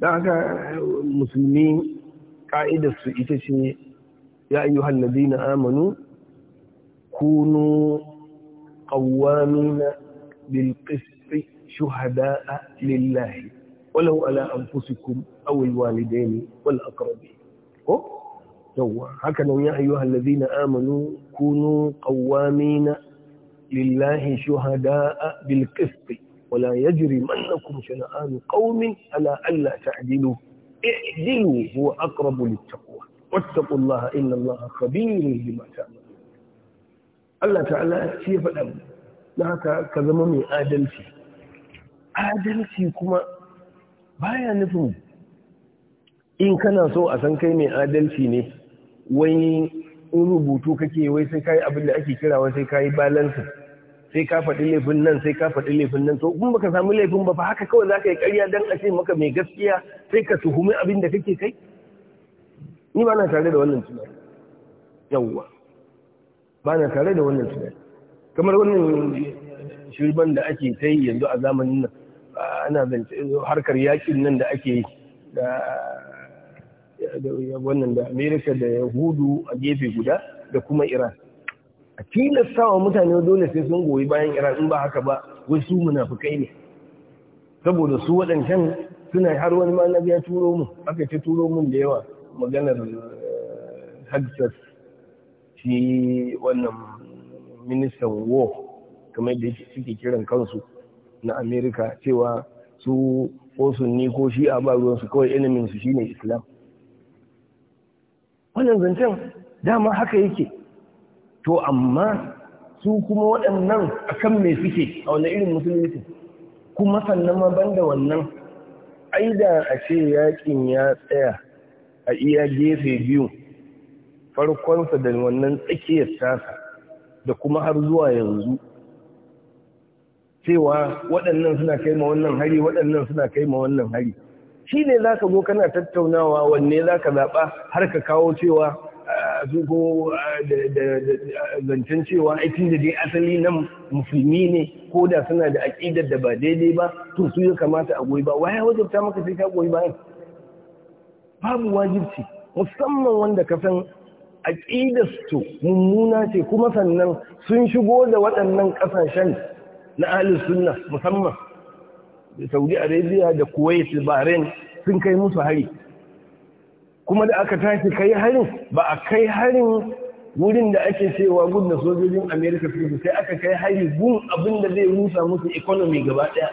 da haka musulmi ka'idarsu ita ce ya ayyu hallabi na amanu kunu ƙawamina bilƙisti shuhada'a lillahi walau ala anfusikum aw alwalidaini wal aqrabin ko yawa haka nan ya ayyuha alladhina amanu kunu qawwamina lillahi shuhada'a bil qist wala yajri mannakum shana'an qaumin ala alla ta'dilu i'dilu huwa aqrabu littaqwa wattaqullaha inna allaha khabirun bima ta'malun Allah ta'ala shi ya faɗa na haka ka zama mai adalci adalci kuma baya nufin in kana so a san kai mai adalci ne wai in rubutu kake wai sai kai abin da ake kira wai sai kai balansin sai ka faɗi laifin nan sai ka faɗi laifin nan to kun baka samu laifin ba fa haka kawai za ka yi ƙarya dan a ce maka mai gaskiya sai ka tuhumi abin da kake kai ni ba na tare da wannan tunani yawwa ba na tare da wannan tunani kamar wannan shirban da ake ta yi yanzu a zamanin nan ana zance harkar yakin nan da ake yi da wannan da amerika da yahudu a gefe guda da kuma iran a tilasta wa mutane dole sai sun goyi bayan iran in ba haka ba wai su munafukai ne saboda su waɗancan suna har wani ma na biya turo mu aka ce turo mun da yawa maganar eh, hadsas shi wannan ministan war kamar da suke kiran kansu na amerika cewa su ko sunni ko shi'a ba ruwansu kawai ilimin su shine islam wannan zancen dama haka yake to amma su kuma waɗannan a kan mai suke a wani irin musulunci kuma sannan ma banda wannan ai da a ce yakin ya tsaya a iya gefe biyu farkonsa da wannan tsakiyar tasa da kuma har zuwa yanzu cewa waɗannan suna kai ma wannan hari waɗannan suna kai ma wannan hari shi ne za ka zo kana tattaunawa wanne za ka zaɓa har ka kawo cewa ko eh, da zancen cewa aikin da dai asali na musulmi ne ko da suna da aƙidar da ba daidai ba to su ya kamata a goyi ba waya wajabta maka sai ka goyi bayan babu wajibci musamman wanda ka san aƙidarsu mummuna ce kuma sannan sun shigo da waɗannan ƙasashen na alis sunna musamman da saudi arabia da kuwait bahrain sun kai musu hari kuma da aka tashi kai harin ba a kai harin wurin da ake cewa gun da sojojin amerika su sai aka kai hari gun abin da zai rusa musu economy gaba daya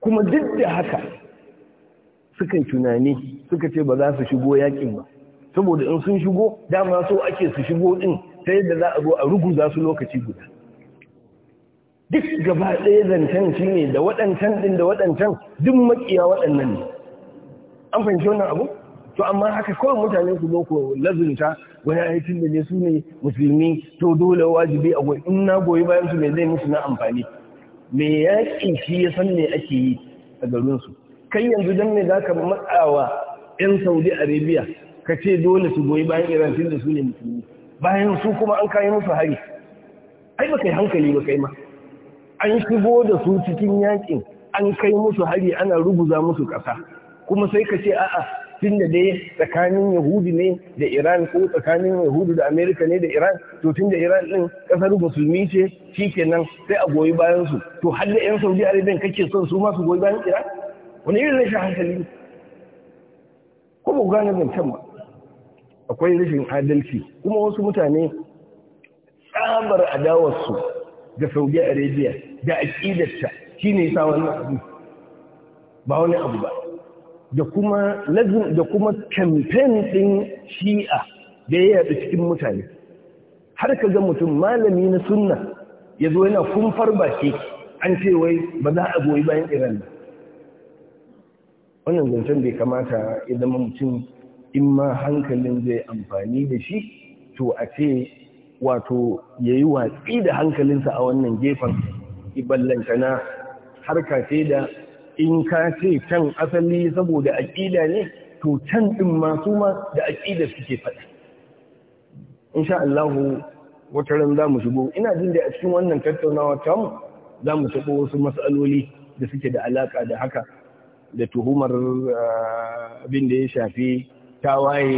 kuma duk da haka suka tunani suka ce ba za su shigo yakin ba saboda in sun shigo dama so ake su shigo din ta yadda za a zo a ruguza su lokaci guda duk gaba ɗaya zancen shi ne da waɗancan ɗin da waɗancan duk makiya waɗannan ne an fahimci wannan abu to amma haka kawai mutane su zo ku lazunta wani ayatin da ne su ne musulmi to dole wajibi a goyi in na goyi bayan su mai zai musu na amfani me yaƙi shi ya san me ake yi a garin su kai yanzu dan me zaka matsawa yan Saudi Arabia ka ce dole su goyi bayan Iran tun da su ne musulmi bayan su kuma an kai musu hari ai ba kai hankali ba kai ma an shigo da su cikin yakin an kai musu hari ana ruguza musu kasa kuma sai ka ce a'a tun da dai tsakanin Yahudi ne da iran ko tsakanin yahudu da amerika ne da iran to tun da iran din kasar musulmi ce shikenan sai a goyi bayan to har da yan saudi arabian kake son su masu su goyi bayan iran wani irin rashin hankali ko ba gane zancen ba akwai rashin adalci kuma wasu mutane tsabar adawarsu ga saudi arabia da aƙidarta shine yasa wannan abu ba wani abu ba da kuma lazim da kuma campaign din shi'a da ya yaɗu cikin mutane har ka ga mutum malami na sunna ya zo yana kumfar baki an ce wai ba za a goyi bayan iran ba wannan zancen bai kamata ya zama mutum in ma hankalin zai amfani da shi to a ce wato ya yi watsi da hankalinsa a wannan gefen iballantana harka ce da in ka ce can asali saboda aƙida ne to can ɗin masu ma da aƙida suke in sha Allah wata ran za mu shigo ina jin da a cikin wannan tattaunawa tamu za mu shigo wasu matsaloli da suke da alaƙa da haka da tuhumar ah, abin da ya shafi tawaye